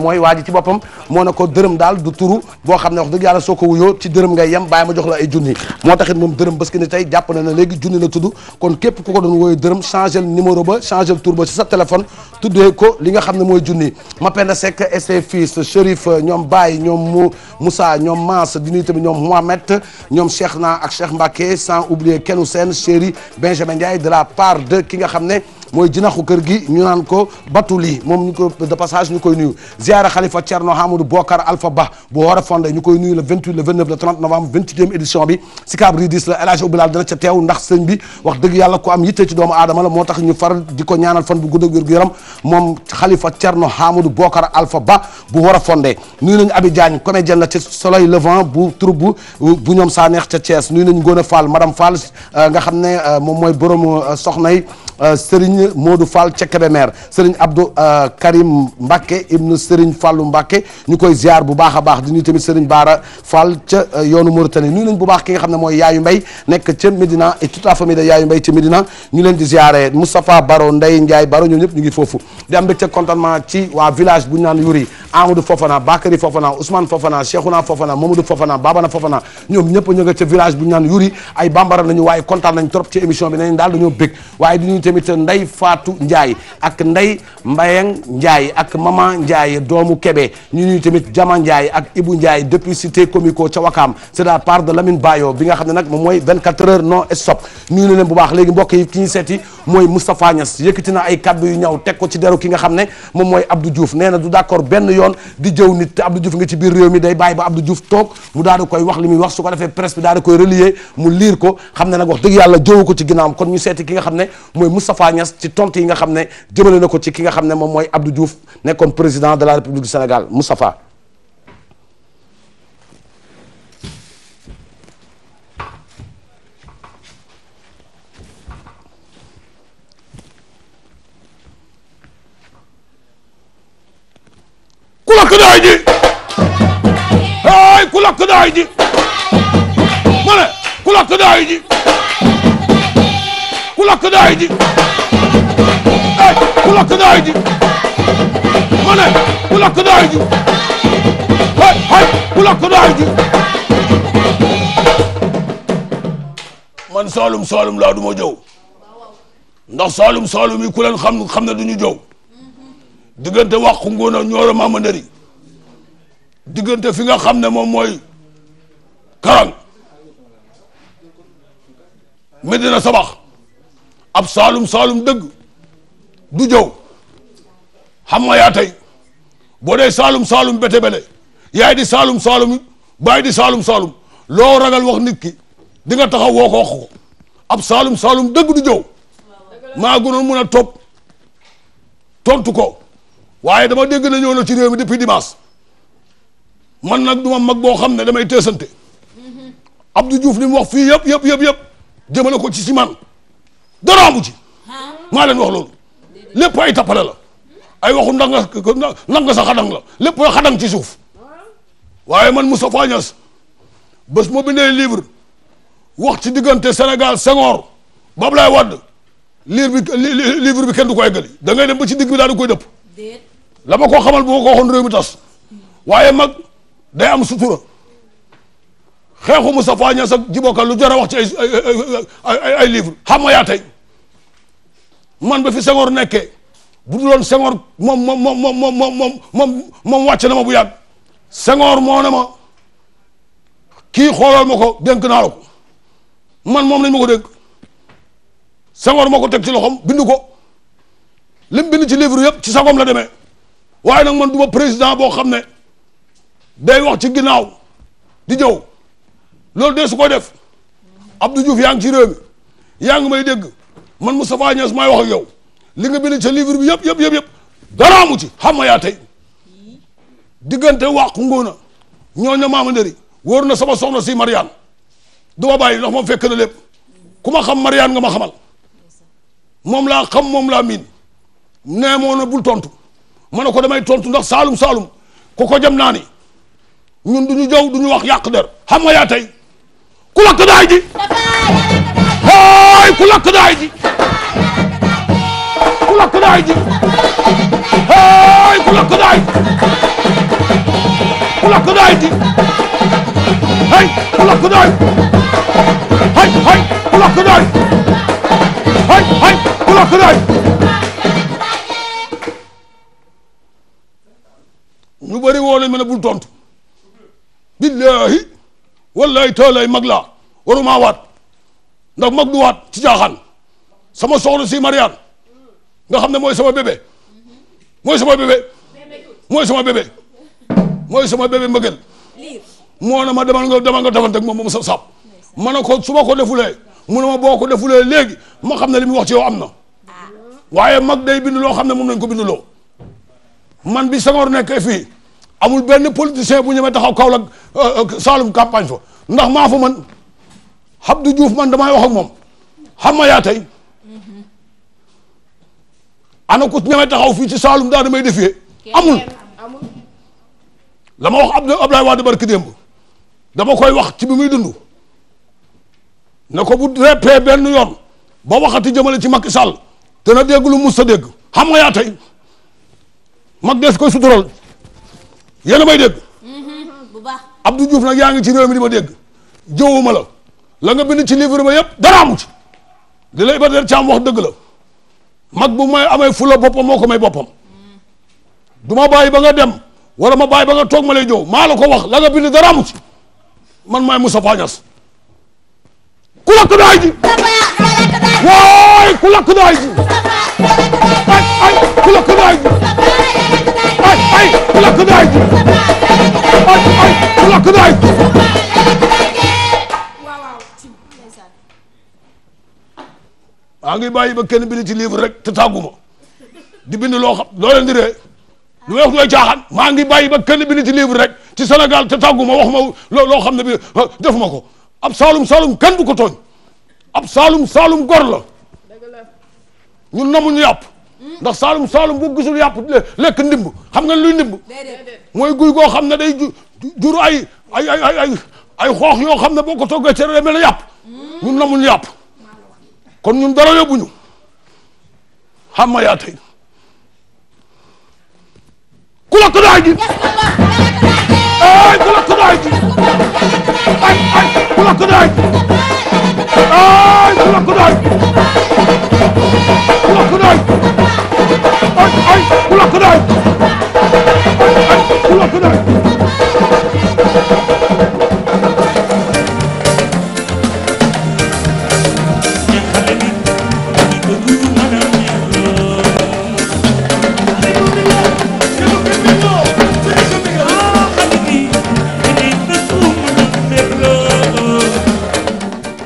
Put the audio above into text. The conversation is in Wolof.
mooy waa ji ci boppam moo na ko dërëm daal du turu boo xam ne wax dëgg yàlla soo ko wuyoo ci dërëm ngay yem bàyyi ma jox la ay junni moo taxit moom dërëm parce que ni tey jàpp na ne léegi junni la tudd kon képp ku ko doon wooyee dërëm changé le ba changé le tur ba si sa téléphone tuddee ko li nga xam ne mooy junni Mapenda Seck et ses fils Chérif ñoom bàyyi ñoom Moussa ñoom Mass duni tamit ñoom Mohamed ñoom Cheikh na ak Cheikh Mbacké sans oublier Kenou Sène Chéri Benjamin Ndiaye de la part de ki nga xam ne mooy jinaxu kër gi ñu naan ko Batuli moom ñu ko de passage ñu koy nuyu ziara xalifa Thierno Hamadou Bokar Alpha Ba bu fonde ñu koy nuyu le 28 le 29 le 30 novembre 28e édition bi Sicap Ridis la El Hadj Oubilal dana ca teew ndax sëñ bi wax dëgg yàlla ko am yitte ci doomu aadama la moo tax ñu faral di ko ñaanal fan bu gudd ak wér-gu-yaram moom xalifa Thierno Hamadou Bokar Alpha Ba bu Horefonde nuyu nañu Abi Diagne comédien la ci Soleil Levant bu troupe bu ñoom saa neex ca Thiès nuyu nañu Ngone Fall madame Fall euh, nga xam ne euh, moom mooy borom euh, soxna Euh, Serigne Modou Fall ca Kébémer Serigne Abdou euh, Karim Mbacke ibnu Serigne Fallou Mbacke ñu koy ziar bu baax a baax di nuyu tamit Serigne Bara Fall ca euh, yoonu Mauritanie nuyu nañ bu baax ki nga xam ne mooy Yaayu Mbay nekk ca Médina et toute la famille de Yaayu Mbay ca Médina ñu leen di ziare Moustapha Baro Ndeye Ndiaye Baro ñoom ñëpp ñu ngi foofu di am mbégte contanement ci waa village bu ñu naan Yuri Amadou Fofana Bakary Fofana Ousmane Fofana Cheikhouna Fofana Mamadou Fofana Babana Fofana ñoom ñëpp ñu ca village bu ñu Yuri ay bambara nañu waaye kontaan nañ trop ci émission bi nañ ak Ndey Mbayang doomu Kébé ñu ñuy tamit Jama Ndiaye ak Ibou Ndiaye depuis cité comico ca Wakaam moom mooy 24 heures non stop nuyu na leen ay kaddu yu ñaw teg ko ci deru ki nga xam ne moom mooy Abdou Diouf du d'accord benn yoon di jëw nit te Abdou Diouf nga ci biir réew mi day bàyyi ba Abdou Diouf toog mu daal di koy wax li muy wax su defee presse bi daal di koy relier mu liir ko xam ne nag wax dëgg yàlla jëwu ko ci ginnaawam kon ñu seeti ki nga xam ne mooy Moustapha Niass ci tontu yi nga xam ne jëmale na ko ci ki nga xam ne moom mooy Abdou Diouf nekkoon président de la République du Sénégal Moustapha lakk daay ji hey ku lakk daay ji ma ne ku lakk daay ji ku lakk daay ji hey ku lakk daay ji ma ne ku lakk daay ji hey hey ku lakk daay ji man Saalum Saalum laa du jow ndax Saalum Saalum yi ku leen xam xam ne du jow diggante wàqu ngoon a ñooro maamandari diggante fi nga xam ne moom mooy karang Medina sabax ab saalum saalum dëgg du jow xam nga yaa tey boo dee saalum saalum bete bele yaay di saalum saalum baay di saalum saalum loo ragal wax nit ki di nga taxaw woo ko wax ko ab saalum saalum dëgg du jëw maa gënoon mun a topp tontu ko waaye dama dégg na ñëw na ci réew mi depuis dimanche man nag du ma mag boo xam ne damay teesante Abdou juuf li mu wax fii yëpp yëpp yëpp yëpp jëmale ko ci si man dara amu ci maa leen wax loolu lépp ay tappale la ay waxu ndax nga ndax nga sa la lépp ay xadang ci suuf waaye man Moustapha Niasse bés moo bindee livre wax ci diggante Sénégal Senghor ba Abdoulaye Wade liir bi livre bi kenn du ko eggali da ngay dem ba ci digg bi daal di koy dëpp la ma koo xamal bu ma ko waxoon réew mi tas waaye mag. day am sutura xeexu Moustapha Niasse ak Djibo Ka lu jar a ay livre xam nga man ba fi Senghor nekkee bu duloon Senghor moom moom moom moom moom moom moom wàcc na ma bu yàgg Senghor moo ne ma kii xoolal ma ko dénk naa ko man moom lañ ma ko dénk Senghor ma ko teg ci lokom bindu ko lim bind ci livre yëpp ci sagom la demee waaye nag man du président boo xam ne day wax ci ginnaaw di jëw loolu de su ko def Abdou Diouf yaa ngi ci réew mi yaa ngi may dégg man Moustapha Niass maay wax yow li nga bind ca livre bi yëpp yëpp yëpp yëpp dara amu ci xam nga yaa tey diggante wàq ngóona ñooñu maama ndëri wóor na sama soxna si Mariane du ma bàyyi ndax moom fekk na lépp ku ma xam Mariane nga ma xamal moom laa xam moom laa miin nee moo bul tontu ma ne ko damay tontu ndax saalum saalum ko ko jam naa ni ñun du ñu jow du wax yàq der xam nga yaa tey daay ji hey ku lakk daay ji ku lakk daay ji hey ku lakk daay daay ji hey ku lakk daay hey hey ku lakk daay hey hey ku lakk daay ñu bëri woo lañ mën a bul tontu billaahi wallaay taalaay mag laa waruma waat ndax mag du waat ci caaxaan sama soxna si Mariane nga xam ne mooy sama bébé mooy sama bébé mooy sama bébé mooy sama bébé mbëggeel moo na ma demal nga demal nga defante ak moom moom saf saab ma ne ko su ma ko defulee mu ne ma boo ko defulee léegi ma xam ne li mu wax ci yow am na waaye mag day bind loo xam ne moom nañ ko bind loo man bi Senghor nekk fi amul benn politicien bu ñemee taxaw kaw euh, euh, Saalum campagne fa ndax maa fa man Abdou Diouf man damay wax ak moom xam ma yaa tey ana ku ñemee taxaw fii ci Saalum daal may defee amul la ma wax Abdou Abdoulaye Wade barki démb dama koy wax ci bi muy dund ne ko bu reppee benn yoon ba waxati jëmale ci Macky Sall dana dégg lu mus sa dégg xam nga yaa tey des koy sutural yéen may dégg. Mm-hmm. bu baax Abdou nag yaa ngi ci réew mi ma dégg jëwuma la la nga bind ci livre ma yëpp dara amu ci di la Iba Der Thiam wax dëgg la mag bu may amee fula boppam moo ko may boppam mm. du ma bàyyi ba nga dem wala ma bàyyi ba nga toog ma lay jow maa la ko wax la nga bind dara amu man maay Moustapha Niass ku lakk daay ji waay ku lakk daay ji ay ay ku lakk daay ji ay ay bloc naay ay ay bloc naay maa ngi bàyyi ba kenn bind ci livre rek te tàgguma di bind loo xam loo leen di ree lu wax nooy caaxaan maa ngi bàyyi ba kenn bind ci livre rek ci Sénégal te tàgguma wax ma loo xam ne bi ah, def ko ab saalum saalum kenn bu ko tooñ ab saalum saalum gor la ñun namuñu yàpp ndax saalum saalum bu gisul yàpp lekk ndimb xam nga luy ndimb mooy guy goo xam ne day jur ay ay ay ay ay yoo xam ne boo ko toggee cere mel yàpp hmm. ñun namuñ yàpp kon ñun dara yóbbuñu xam ma yaa tey ku la tudaay ji